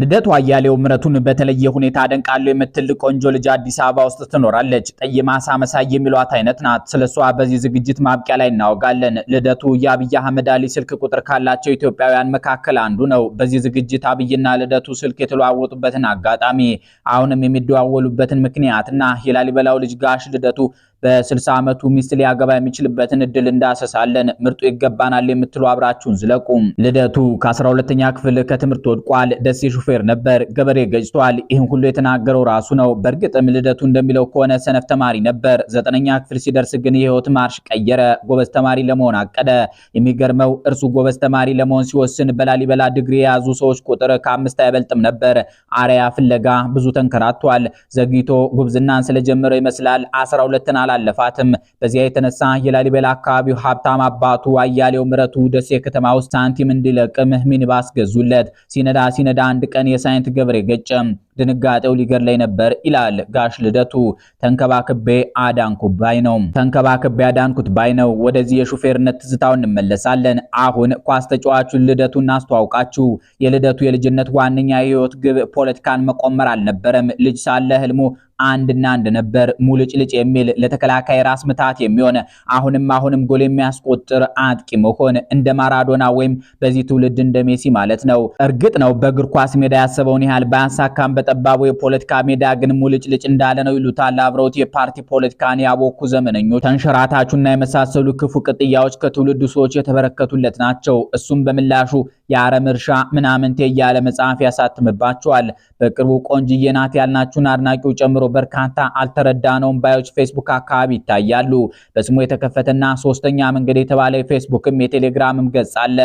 ልደቱ አያሌው ምረቱን በተለየ ሁኔታ አደንቃለሁ የምትል ቆንጆ ልጅ አዲስ አበባ ውስጥ ትኖራለች። ጠይማሳ መሳይ የሚሏት አይነት ናት። ስለሷ በዚህ ዝግጅት ማብቂያ ላይ እናወጋለን። ልደቱ የአብይ አህመድ አሊ ስልክ ቁጥር ካላቸው ኢትዮጵያውያን መካከል አንዱ ነው። በዚህ ዝግጅት አብይና ልደቱ ስልክ የተለዋወጡበትን አጋጣሚ፣ አሁንም የሚደዋወሉበትን ምክንያትና የላሊበላው ልጅ ጋሽ ልደቱ በ60 ዓመቱ ሚስት ሊያገባ የሚችልበትን እድል እንዳሰሳለን። ምርጡ ይገባናል የምትሉ አብራችሁን ዝለቁ። ልደቱ ከ12ኛ ክፍል ከትምህርት ወድቋል። ደሴ ሹፌር ነበር፣ ገበሬ ገጭቷል። ይህን ሁሉ የተናገረው ራሱ ነው። በእርግጥም ልደቱ እንደሚለው ከሆነ ሰነፍ ተማሪ ነበር። ዘጠነኛ ክፍል ሲደርስ ግን የህይወት ማርሽ ቀየረ። ጎበዝ ተማሪ ለመሆን አቀደ። የሚገርመው እርሱ ጎበዝ ተማሪ ለመሆን ሲወስን በላሊበላ ዲግሪ የያዙ ሰዎች ቁጥር ከአምስት አይበልጥም ነበር። አርያ ፍለጋ ብዙ ተንከራቷል። ዘግይቶ ጉብዝናን ስለጀመረው ይመስላል 12ና አላለፋትም። በዚያ የተነሳ የላሊበላ አካባቢው ሀብታም አባቱ አያሌው ምረቱ ደሴ ከተማ ውስጥ ሳንቲም እንዲለቅም ሚኒባስ ገዙለት። ሲነዳ ሲነዳ አንድ ቀን የሳይንት ገብሬ ገጨም። ድንጋጤው ሊገር ላይ ነበር ይላል ጋሽ ልደቱ። ተንከባክቤ አዳንኩት ባይ ነው ተንከባክቤ አዳንኩት ባይ ነው። ወደዚህ የሹፌርነት ትዝታው እንመለሳለን። አሁን ኳስ ተጫዋቹን ልደቱን እናስተዋውቃችሁ። የልደቱ የልጅነት ዋነኛ የህይወት ግብ ፖለቲካን መቆመር አልነበረም። ልጅ ሳለ ህልሙ አንድና አንድ ነበር። ሙልጭልጭ የሚል ለተከላካይ ራስ ምታት የሚሆን አሁንም አሁንም ጎል የሚያስቆጥር አጥቂ መሆን እንደ ማራዶና ወይም በዚህ ትውልድ እንደ ሜሲ ማለት ነው። እርግጥ ነው በእግር ኳስ ሜዳ ያሰበውን ያህል ባያሳካም በጠባቡ የፖለቲካ ሜዳ ግን ሙልጭልጭ እንዳለ ነው ይሉታል አብረውት የፓርቲ ፖለቲካን ያቦኩ ዘመነኞች። ተንሸራታቹና የመሳሰሉ ክፉ ቅጥያዎች ከትውልዱ ሰዎች የተበረከቱለት ናቸው። እሱም በምላሹ የአረም እርሻ ምናምንቴ እያለ መጽሐፍ ያሳትምባቸዋል። በቅርቡ ቆንጅዬ ናት ያልናችሁን አድናቂው ጨምሮ በርካታ አልተረዳነውም ባዮች ፌስቡክ አካባቢ ይታያሉ። በስሙ የተከፈተና ሶስተኛ መንገድ የተባለ የፌስቡክም የቴሌግራምም ገጽ አለ።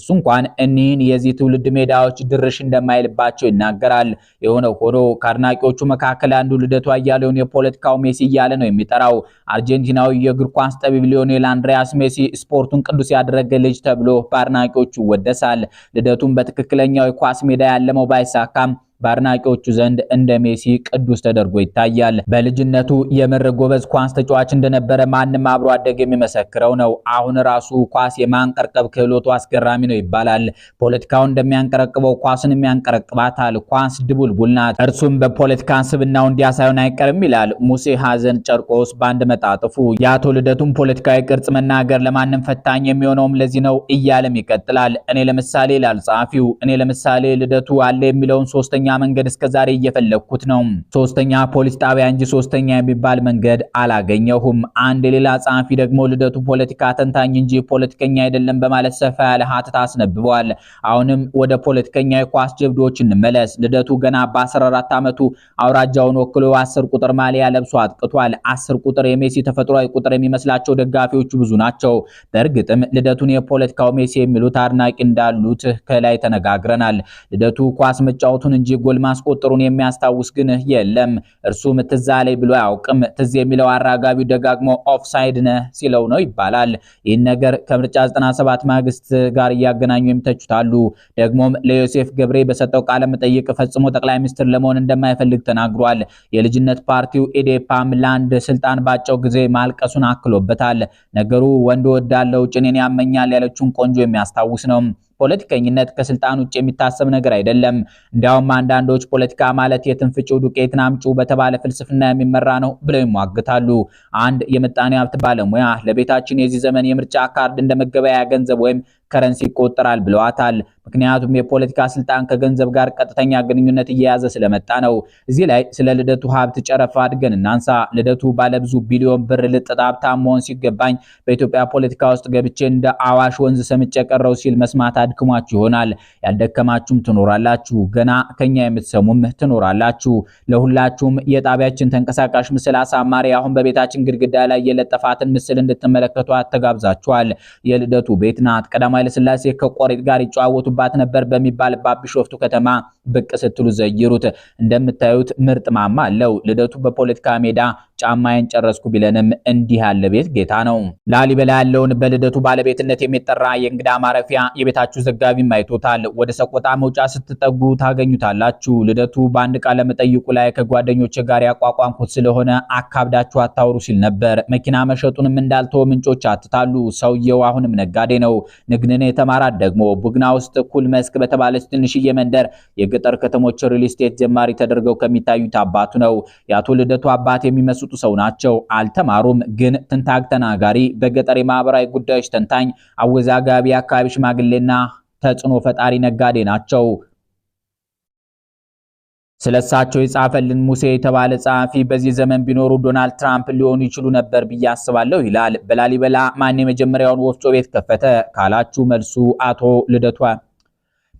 እሱ እንኳን እኒህን የዚህ ትውልድ ሜዳዎች ድርሽ እንደማይልባቸው ይናገራል። የሆነው ሆኖ ከአድናቂዎቹ መካከል አንዱ ልደቱ አያሌውን የፖለቲካው ሜሲ እያለ ነው የሚጠራው። አርጀንቲናዊ የእግር ኳስ ጠቢብ ሊዮኔል አንድሪያስ ሜሲ ስፖርቱን ቅዱስ ያደረገ ልጅ ተብሎ በአድናቂዎቹ ይወደሳል። ልደቱም በትክክለኛው የኳስ ሜዳ ያለመው ባይሳካም በአድናቂዎቹ ዘንድ እንደ ሜሲ ቅዱስ ተደርጎ ይታያል። በልጅነቱ የምር ጎበዝ ኳስ ተጫዋች እንደነበረ ማንም አብሮ አደግ የሚመሰክረው ነው። አሁን ራሱ ኳስ የማንቀርቀብ ክህሎቱ አስገራሚ ነው ይባላል። ፖለቲካውን እንደሚያንቀረቅበው ኳስን የሚያንቀረቅባታል። ኳስ ድቡልቡል ናት። እርሱም በፖለቲካ ስብናው እንዲያሳዩን አይቀርም ይላል ሙሴ ሀዘን ጨርቆስ በአንድ መጣጥፉ። የአቶ ልደቱን ፖለቲካዊ ቅርጽ መናገር ለማንም ፈታኝ የሚሆነውም ለዚህ ነው እያለም ይቀጥላል። እኔ ለምሳሌ ይላል ጸሐፊው፣ እኔ ለምሳሌ ልደቱ አለ የሚለውን ሶስተኛ መንገድ እስከ ዛሬ እየፈለግኩት ነው። ሶስተኛ ፖሊስ ጣቢያ እንጂ ሶስተኛ የሚባል መንገድ አላገኘሁም። አንድ ሌላ ጸሐፊ ደግሞ ልደቱ ፖለቲካ ተንታኝ እንጂ ፖለቲከኛ አይደለም በማለት ሰፋ ያለ ሀተት አስነብበዋል። አሁንም ወደ ፖለቲከኛ የኳስ ጀብዶዎች እንመለስ። ልደቱ ገና በ14 ዓመቱ አውራጃውን ወክሎ አስር ቁጥር ማሊያ ለብሶ አጥቅቷል። አስር ቁጥር የሜሲ ተፈጥሯዊ ቁጥር የሚመስላቸው ደጋፊዎቹ ብዙ ናቸው። በእርግጥም ልደቱን የፖለቲካው ሜሲ የሚሉት አድናቂ እንዳሉት ከላይ ተነጋግረናል። ልደቱ ኳስ መጫወቱን እንጂ ስለዚህ ጎል ማስቆጠሩን የሚያስታውስ ግን የለም። እርሱም ትዝ አለኝ ብሎ አያውቅም። ትዝ የሚለው አራጋቢው ደጋግሞ ኦፍሳይድ ነህ ሲለው ነው ይባላል። ይህን ነገር ከምርጫ 97 ማግስት ጋር እያገናኙ የሚተቹታሉ። ደግሞም ለዮሴፍ ገብሬ በሰጠው ቃለ መጠይቅ ፈጽሞ ጠቅላይ ሚኒስትር ለመሆን እንደማይፈልግ ተናግሯል። የልጅነት ፓርቲው ኢዴፓም ለአንድ ስልጣን ባጨው ጊዜ ማልቀሱን አክሎበታል። ነገሩ ወንድ ወዳለው ጭኔን ያመኛል ያለችውን ቆንጆ የሚያስታውስ ነው። ፖለቲከኝነት ከስልጣን ውጭ የሚታሰብ ነገር አይደለም። እንዲያውም አንዳንዶች ፖለቲካ ማለት የትንፍጭው ዱቄትን አምጩ በተባለ ፍልስፍና የሚመራ ነው ብለው ይሟግታሉ። አንድ የምጣኔ ሀብት ባለሙያ ለቤታችን የዚህ ዘመን የምርጫ ካርድ እንደ መገበያያ ገንዘብ ወይም ከረንሲ ይቆጠራል ብለዋታል። ምክንያቱም የፖለቲካ ስልጣን ከገንዘብ ጋር ቀጥተኛ ግንኙነት እየያዘ ስለመጣ ነው። እዚህ ላይ ስለ ልደቱ ሀብት ጨረፋ አድገን እናንሳ። ልደቱ ባለብዙ ቢሊዮን ብር ልጥጥ ሀብታም መሆን ሲገባኝ በኢትዮጵያ ፖለቲካ ውስጥ ገብቼ እንደ አዋሽ ወንዝ ሰምጬ ቀረው ሲል መስማት አድክሟችሁ ይሆናል። ያልደከማችሁም ትኖራላችሁ፣ ገና ከኛ የምትሰሙም ትኖራላችሁ። ለሁላችሁም የጣቢያችን ተንቀሳቃሽ ምስል አሳማሪ አሁን በቤታችን ግድግዳ ላይ የለጠፋትን ምስል እንድትመለከቷት ተጋብዛችኋል። የልደቱ ቤት ናት። ቀዳማዊ ኃይለስላሴ ከቆሪጥ ጋር ይጨዋወቱባት ነበር በሚባልባት ቢሾፍቱ ከተማ ብቅ ስትሉ ዘይሩት። እንደምታዩት ምርጥ ማማ አለው። ልደቱ በፖለቲካ ሜዳ ጫማዬን ጨረስኩ ቢለንም እንዲህ ያለ ቤት ጌታ ነው። ላሊበላ ያለውን በልደቱ ባለቤትነት የሚጠራ የእንግዳ ማረፊያ የቤታችሁ ዘጋቢም አይቶታል። ወደ ሰቆጣ መውጫ ስትጠጉ ታገኙታላችሁ። ልደቱ በአንድ ቃለ መጠይቁ ላይ ከጓደኞች ጋር ያቋቋምኩት ስለሆነ አካብዳችሁ አታውሩ ሲል ነበር። መኪና መሸጡንም እንዳልተወ ምንጮች አትታሉ። ሰውየው አሁንም ነጋዴ ነው። ጀግንን የተማራት ደግሞ ቡግና ውስጥ ኩል መስክ በተባለች ትንሽዬ መንደር የገጠር ከተሞች ሪል ስቴት ጀማሪ ተደርገው ከሚታዩት አባቱ ነው። የአቶ ልደቱ አባት የሚመስጡ ሰው ናቸው። አልተማሩም፣ ግን ትንታግ ተናጋሪ፣ በገጠር የማህበራዊ ጉዳዮች ተንታኝ፣ አወዛጋቢ አካባቢ ሽማግሌና ተጽዕኖ ፈጣሪ ነጋዴ ናቸው። ስለ እሳቸው የጻፈልን ሙሴ የተባለ ጸሐፊ በዚህ ዘመን ቢኖሩ ዶናልድ ትራምፕ ሊሆኑ ይችሉ ነበር ብዬ አስባለሁ ይላል። በላሊበላ ማን የመጀመሪያውን ወፍጮ ቤት ከፈተ ካላችሁ መልሱ አቶ ልደቷ።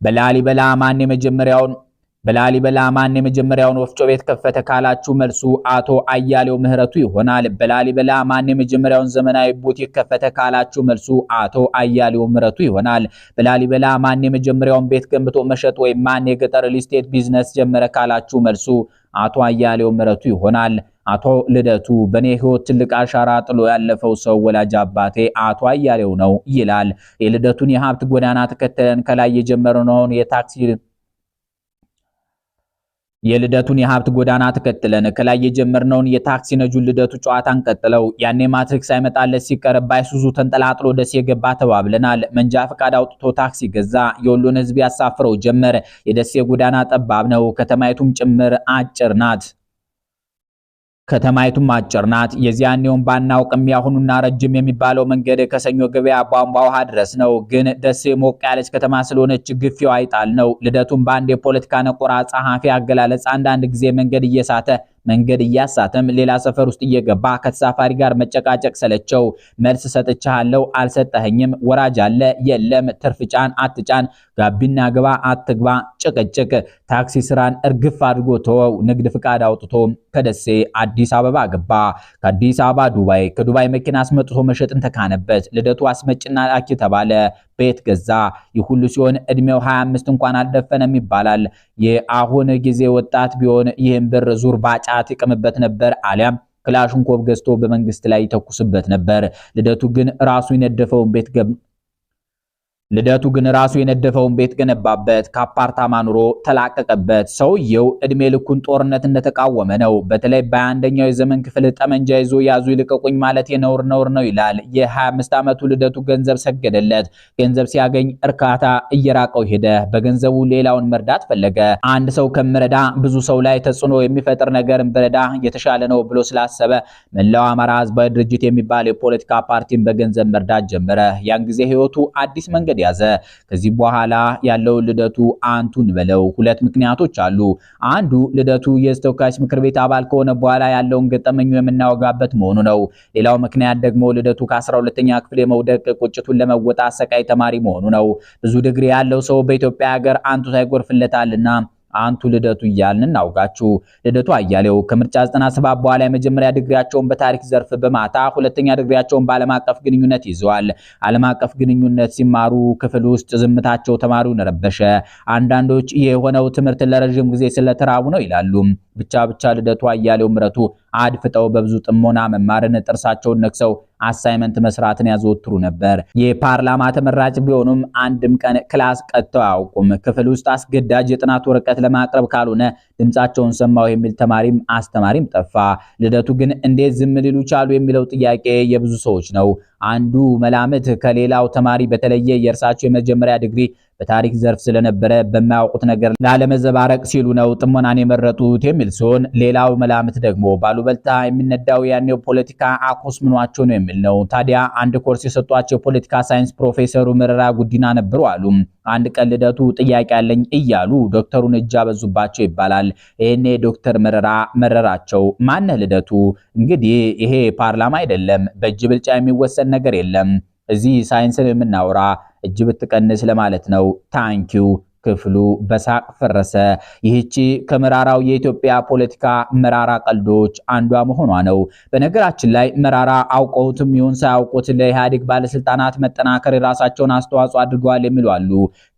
በላሊበላ ማን የመጀመሪያውን በላሊበላ ማን የመጀመሪያውን ወፍጮ ቤት ከፈተ ካላችሁ መልሱ አቶ አያሌው ምህረቱ ይሆናል። በላሊበላ ማን የመጀመሪያውን ዘመናዊ ቡቲክ ከፈተ ካላችሁ መልሱ አቶ አያሌው ምህረቱ ይሆናል። በላሊበላ ማን የመጀመሪያውን ቤት ገንብቶ መሸጥ ወይም ማን የገጠር ሪልስቴት ቢዝነስ ጀመረ ካላችሁ መልሱ አቶ አያሌው ምህረቱ ይሆናል። አቶ ልደቱ በኔ ህይወት ትልቅ አሻራ ጥሎ ያለፈው ሰው ወላጅ አባቴ አቶ አያሌው ነው ይላል። የልደቱን የሀብት ጎዳና ተከተለን ከላይ የጀመርነውን የታክሲ የልደቱን የሀብት ጎዳና ተከትለን ከላይ የጀመርነውን የታክሲ ነጁን ልደቱ ጨዋታን ቀጥለው ያኔ ማትሪክስ ሳይመጣለት ሲቀር ባይሱዙ ተንጠላጥሎ ደሴ ገባ ተባብለናል። መንጃ ፈቃድ አውጥቶ ታክሲ ገዛ። የወሎን ህዝብ ያሳፍረው ጀመር። የደሴ ጎዳና ጠባብ ነው፣ ከተማይቱም ጭምር አጭር ናት። ከተማይቱም አጭር ናት። የዚያኔውን ባናውቅም ያሁኑና ረጅም የሚባለው መንገድ ከሰኞ ገበያ ቧንቧ ውሃ ድረስ ነው። ግን ደሴ ሞቅ ያለች ከተማ ስለሆነች ግፊው አይጣል ነው። ልደቱም በአንድ የፖለቲካ ነቆራ ጸሐፊ አገላለጽ አንዳንድ ጊዜ መንገድ እየሳተ መንገድ እያሳተም ሌላ ሰፈር ውስጥ እየገባ ከተሳፋሪ ጋር መጨቃጨቅ ሰለቸው። መልስ ሰጥቻለሁ፣ አልሰጠኸኝም፣ ወራጅ አለ የለም፣ ትርፍ ጫን አትጫን፣ ጋቢና ግባ አትግባ፣ ጭቅጭቅ። ታክሲ ስራን እርግፍ አድርጎ ተወው። ንግድ ፍቃድ አውጥቶ ከደሴ አዲስ አበባ ገባ። ከአዲስ አበባ ዱባይ፣ ከዱባይ መኪና አስመጥቶ መሸጥን ተካነበት። ልደቱ አስመጭና ላኪ ተባለ። ቤት ገዛ። ይህ ሁሉ ሲሆን እድሜው 25 እንኳን አልደፈነም ይባላል። የአሁን ጊዜ ወጣት ቢሆን ይህን ብር ዙር ባጫት ይቅምበት ነበር አሊያም ክላሽንኮቭ ገዝቶ በመንግስት ላይ ይተኩስበት ነበር። ልደቱ ግን ራሱ የነደፈውን ቤት ልደቱ ግን ራሱ የነደፈውን ቤት ገነባበት፣ ከአፓርታማ ኑሮ ተላቀቀበት። ሰውየው እድሜ ልኩን ጦርነት እንደተቃወመ ነው። በተለይ በአንደኛው የዘመን ክፍል ጠመንጃ ይዞ ያዙ ይልቀቁኝ ማለት የነውር ነውር ነው ይላል። የ25 ዓመቱ ልደቱ ገንዘብ ሰገደለት። ገንዘብ ሲያገኝ እርካታ እየራቀው ሄደ። በገንዘቡ ሌላውን መርዳት ፈለገ። አንድ ሰው ከምረዳ ብዙ ሰው ላይ ተጽዕኖ የሚፈጥር ነገርን ብረዳ የተሻለ ነው ብሎ ስላሰበ መላው አማራ ህዝባዊ ድርጅት የሚባል የፖለቲካ ፓርቲን በገንዘብ መርዳት ጀመረ። ያን ጊዜ ህይወቱ አዲስ መንገድ ያዘ። ከዚህ በኋላ ያለው ልደቱ አንቱን በለው ሁለት ምክንያቶች አሉ። አንዱ ልደቱ የተወካዮች ምክር ቤት አባል ከሆነ በኋላ ያለውን ገጠመኙ የምናወጋበት መሆኑ ነው። ሌላው ምክንያት ደግሞ ልደቱ ከ12ኛ ክፍል የመውደቅ ቁጭቱን ለመወጣት ሰቃይ ተማሪ መሆኑ ነው። ብዙ ድግሪ ያለው ሰው በኢትዮጵያ ሀገር አንቱ ሳይጎርፍለታልና አንቱ ልደቱ እያልን እናውጋችሁ። ልደቱ አያሌው ከምርጫ 97 በኋላ የመጀመሪያ ድግሪያቸውን በታሪክ ዘርፍ በማታ ሁለተኛ ድግሪያቸውን በዓለም አቀፍ ግንኙነት ይዘዋል። ዓለም አቀፍ ግንኙነት ሲማሩ ክፍል ውስጥ ዝምታቸው ተማሪውን ረበሸ። አንዳንዶች የሆነው ትምህርት ለረዥም ጊዜ ስለተራቡ ነው ይላሉ። ብቻ ብቻ ልደቱ አያሌው ምረቱ አድፍጠው በብዙ ጥሞና መማርን፣ ጥርሳቸውን ነክሰው አሳይመንት መስራትን ያዘወትሩ ነበር። የፓርላማ ተመራጭ ቢሆኑም አንድም ቀን ክላስ ቀጥተው አያውቁም። ክፍል ውስጥ አስገዳጅ የጥናት ወረቀት ለማቅረብ ካልሆነ ድምፃቸውን ሰማሁ የሚል ተማሪም አስተማሪም ጠፋ። ልደቱ ግን እንዴት ዝም ሊሉ ቻሉ የሚለው ጥያቄ የብዙ ሰዎች ነው። አንዱ መላምት ከሌላው ተማሪ በተለየ የእርሳቸው የመጀመሪያ ዲግሪ በታሪክ ዘርፍ ስለነበረ በማያውቁት ነገር ላለመዘባረቅ ሲሉ ነው ጥሞናን የመረጡት የሚል ሲሆን፣ ሌላው መላምት ደግሞ ባሉበልታ የሚነዳው ያኔው ፖለቲካ ምኗቸው ነው የሚል ነው። ታዲያ አንድ ኮርስ የሰጧቸው የፖለቲካ ሳይንስ ፕሮፌሰሩ መረራ ጉዲና ነበሩ አሉ። አንድ ቀን ልደቱ ጥያቄ አለኝ እያሉ ዶክተሩን እጅ አበዙባቸው ይባላል። ይሄኔ ዶክተር መረራ መረራቸው ማነህ ልደቱ እንግዲህ ይሄ ፓርላማ አይደለም። በእጅ ብልጫ የሚወሰን ነገር የለም። እዚህ ሳይንስን የምናወራ እጅ ብትቀንስ ለማለት ነው። ታንኪው ክፍሉ በሳቅ ፈረሰ። ይህቺ ከመራራው የኢትዮጵያ ፖለቲካ መራራ ቀልዶች አንዷ መሆኗ ነው። በነገራችን ላይ መራራ አውቀውትም ይሁን ሳያውቁት ለኢህአዴግ ባለስልጣናት መጠናከር የራሳቸውን አስተዋጽኦ አድርገዋል የሚሉ አሉ።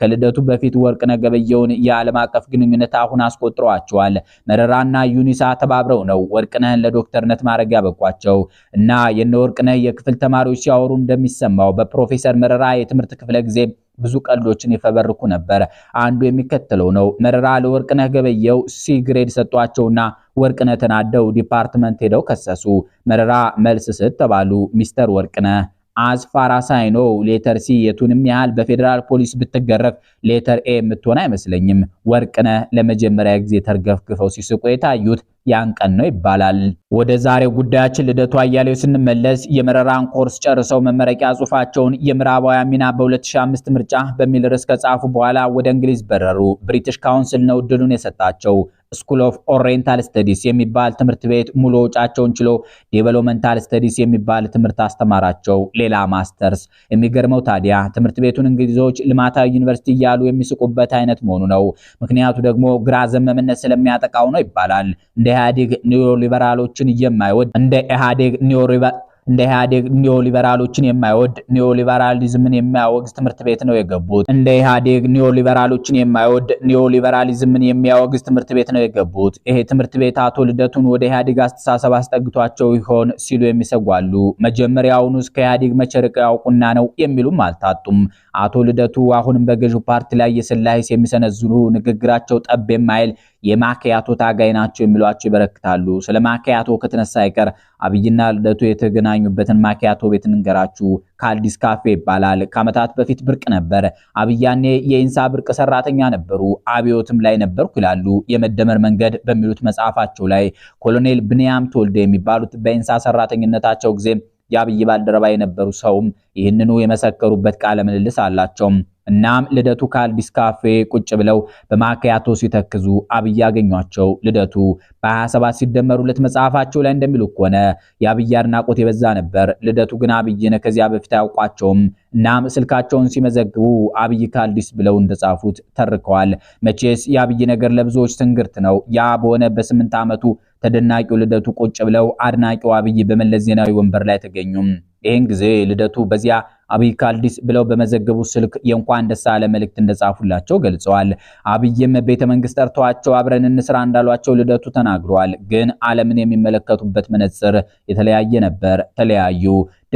ከልደቱ በፊት ወርቅነህ ገበየሁን የዓለም አቀፍ ግንኙነት አሁን አስቆጥረዋቸዋል። መረራና ዩኒሳ ተባብረው ነው ወርቅነህን ለዶክተርነት ማድረግ ያበቋቸው እና የነ ወርቅነህ የክፍል ተማሪዎች ሲያወሩ እንደሚሰማው በፕሮፌሰር መረራ የትምህርት ክፍለ ጊዜ ብዙ ቀልዶችን ይፈበርኩ ነበር። አንዱ የሚከተለው ነው። መረራ ለወርቅነህ ገበየው ሲ ግሬድ ሰጧቸውና ወርቅነህ ተናደው ዲፓርትመንት ሄደው ከሰሱ። መረራ መልስ ስጥ ተባሉ። ሚስተር ወርቅነህ አዝፋራ ሳይኖ ሌተር ሲ የቱንም ያህል በፌዴራል ፖሊስ ብትገረፍ ሌተር ኤ የምትሆን አይመስለኝም። ወርቅነህ ለመጀመሪያ ጊዜ ተርገፍግፈው ሲስቁ የታዩት ያን ቀን ነው ይባላል። ወደ ዛሬው ጉዳያችን ልደቱ አያሌው ስንመለስ የመረራን ኮርስ ጨርሰው መመረቂያ ጽሑፋቸውን የምዕራባውያን ሚና በ2005 ምርጫ በሚል ርዕስ ከጻፉ በኋላ ወደ እንግሊዝ በረሩ። ብሪቲሽ ካውንስል ነው እድሉን የሰጣቸው። ስኩል ኦፍ ኦሪየንታል ስተዲስ የሚባል ትምህርት ቤት ሙሉ ወጪያቸውን ችሎ ዴቨሎፕመንታል ስተዲስ የሚባል ትምህርት አስተማራቸው። ሌላ ማስተርስ። የሚገርመው ታዲያ ትምህርት ቤቱን እንግሊዞች ልማታዊ ዩኒቨርሲቲ እያሉ የሚስቁበት አይነት መሆኑ ነው። ምክንያቱ ደግሞ ግራ ዘመምነት ስለሚያጠቃው ነው ይባላል። እንደ ኢህአዴግ ኒዮሊበራሎችን የማይወድ እንደ ኢህአዴግ ኒዮሊበራል እንደ ኢህአዴግ ኒዮሊበራሎችን የማይወድ ኒዮሊበራሊዝምን የሚያወግዝ ትምህርት ቤት ነው የገቡት። እንደ ኢህአዴግ ኒዮሊበራሎችን የማይወድ ኒዮሊበራሊዝምን የሚያወግዝ ትምህርት ቤት ነው የገቡት። ይሄ ትምህርት ቤት አቶ ልደቱን ወደ ኢህአዴግ አስተሳሰብ አስጠግቷቸው ይሆን ሲሉ የሚሰጓሉ። መጀመሪያውኑ እስከ ኢህአዴግ መቸርቅ ያውቁና ነው የሚሉም አልታጡም። አቶ ልደቱ አሁንም በገዢው ፓርቲ ላይ የስላይስ የሚሰነዝሩ ንግግራቸው ጠብ የማይል የማክያቶ ታጋይ ናቸው የሚሏቸው ይበረክታሉ። ስለ ማክያቶ ከተነሳ አይቀር አብይና ልደቱ የተገናኙበትን ማክያቶ ቤት እንገራችሁ። ከአዲስ ካፌ ይባላል። ከዓመታት በፊት ብርቅ ነበር። አብያኔ የኢንሳ ብርቅ ሰራተኛ ነበሩ። አብዮትም ላይ ነበርኩ ይላሉ የመደመር መንገድ በሚሉት መጽሐፋቸው ላይ። ኮሎኔል ብንያም ተወልደ የሚባሉት በኢንሳ ሰራተኝነታቸው ጊዜ የአብይ ባልደረባ የነበሩ ሰውም ይህንኑ የመሰከሩበት ቃለ ምልልስ አላቸው። እናም ልደቱ ከአዲስ ካፌ ቁጭ ብለው በማካያቶ ሲተክዙ አብይ ያገኟቸው። ልደቱ በ27 ሲደመሩለት መጽሐፋቸው ላይ እንደሚሉ ከሆነ የአብይ አድናቆት የበዛ ነበር። ልደቱ ግን አብይን ከዚያ በፊት አያውቋቸውም። እናም ስልካቸውን ሲመዘግቡ አብይ ካልዲስ ብለው እንደጻፉት ተርከዋል። መቼስ የአብይ ነገር ለብዙዎች ትንግርት ነው። ያ በሆነ በስምንት ዓመቱ ተደናቂው ልደቱ ቁጭ ብለው አድናቂው አብይ በመለስ ዜናዊ ወንበር ላይ ተገኙም። ይህን ጊዜ ልደቱ በዚያ አብይ ካልዲስ ብለው በመዘገቡ ስልክ የእንኳን ደስ አለ መልእክት እንደጻፉላቸው ገልጸዋል። አብይም ቤተ መንግስት ጠርተዋቸው አብረን እንስራ እንዳሏቸው ልደቱ ተናግረዋል። ግን ዓለምን የሚመለከቱበት መነጽር የተለያየ ነበር። ተለያዩ።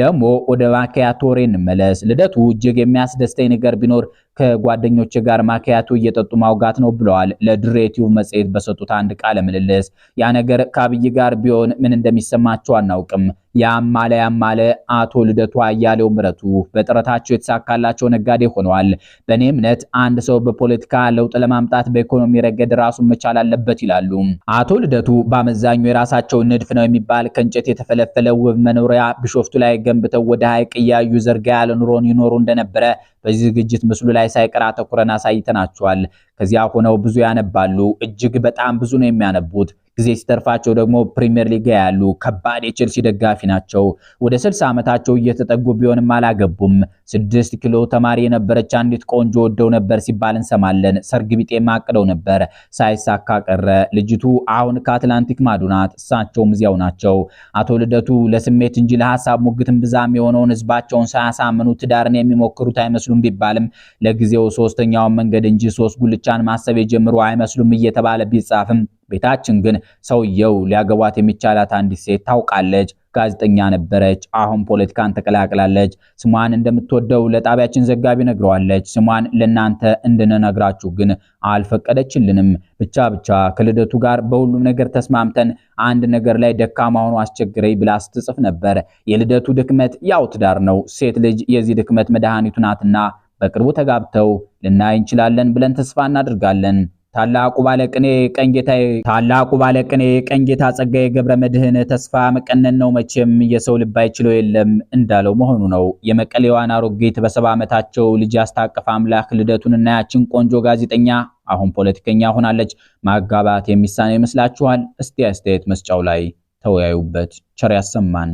ደግሞ ወደ ባኪያ ቶሬ እንመለስ። ልደቱ እጅግ የሚያስደስተኝ ነገር ቢኖር ከጓደኞች ጋር ማኪያቱ እየጠጡ ማውጋት ነው ብለዋል። ለድሬቲው መጽሔት በሰጡት አንድ ቃለ ምልልስ ያ ነገር ከአብይ ጋር ቢሆን ምን እንደሚሰማቸው አናውቅም። ያማለ ያማለ አቶ ልደቱ አያሌው ምረቱ በጥረታቸው የተሳካላቸው ነጋዴ ሆነዋል። በእኔ እምነት አንድ ሰው በፖለቲካ ለውጥ ለማምጣት በኢኮኖሚ ረገድ ራሱን መቻል አለበት ይላሉ አቶ ልደቱ። በአመዛኙ የራሳቸው ንድፍ ነው የሚባል ከእንጨት የተፈለፈለ ውብ መኖሪያ ቢሾፍቱ ላይ ገንብተው ወደ ሀይቅ እያዩ ዘርጋ ያለ ኑሮን ይኖሩ እንደነበረ በዚህ ዝግጅት ምስሉ ላይ ላይ ሳይቀር አተኩረን አሳይተናቸዋል። ከዚያ ሆነው ብዙ ያነባሉ። እጅግ በጣም ብዙ ነው የሚያነቡት። ጊዜ ሲተርፋቸው ደግሞ ፕሪምየር ሊግ ያሉ ከባድ የቼልሲ ደጋፊ ናቸው። ወደ ስልሳ ዓመታቸው እየተጠጉ ቢሆንም አላገቡም። ስድስት ኪሎ ተማሪ የነበረች አንዲት ቆንጆ ወደው ነበር ሲባል እንሰማለን። ሰርግ ቢጤም አቅደው ነበር፣ ሳይሳካ ቀረ። ልጅቱ አሁን ከአትላንቲክ ማዶ ናት፣ እሳቸውም እዚያው ናቸው። አቶ ልደቱ ለስሜት እንጂ ለሀሳብ ሙግትን ብዛም የሆነውን ህዝባቸውን ሳያሳምኑ ትዳርን የሚሞክሩት አይመስሉም ቢባልም ለጊዜው ሶስተኛውን መንገድ እንጂ ሶስት ጉልቻን ማሰብ የጀምሩ አይመስሉም እየተባለ ቢጻፍም ቤታችን ግን ሰውየው ሊያገባት የሚቻላት አንዲት ሴት ታውቃለች። ጋዜጠኛ ነበረች። አሁን ፖለቲካን ተቀላቅላለች። ስሟን እንደምትወደው ለጣቢያችን ዘጋቢ ነግረዋለች። ስሟን ለእናንተ እንድንነግራችሁ ግን አልፈቀደችልንም። ብቻ ብቻ ከልደቱ ጋር በሁሉም ነገር ተስማምተን አንድ ነገር ላይ ደካማ ሆኖ አስቸግረኝ ብላ ስትጽፍ ነበር። የልደቱ ድክመት ያው ትዳር ነው። ሴት ልጅ የዚህ ድክመት መድኃኒቱ ናትና በቅርቡ ተጋብተው ልናይ እንችላለን ብለን ተስፋ እናደርጋለን። ታላቁ ባለቅኔ ቀንጌታ ታላቁ ባለቅኔ ቀንጌታ ጸጋዬ ገብረ መድህን ተስፋ መቀነን ነው መቼም የሰው ልብ አይችለው የለም እንዳለው መሆኑ ነው። የመቀሌዋን አሮጊት በሰባ ዓመታቸው ልጅ ያስታቀፈ አምላክ ልደቱንና ያችን ቆንጆ ጋዜጠኛ አሁን ፖለቲከኛ ሆናለች። ማጋባት የሚሳነው ይመስላችኋል? እስቲ አስተያየት መስጫው ላይ ተወያዩበት። ቸር ያሰማን።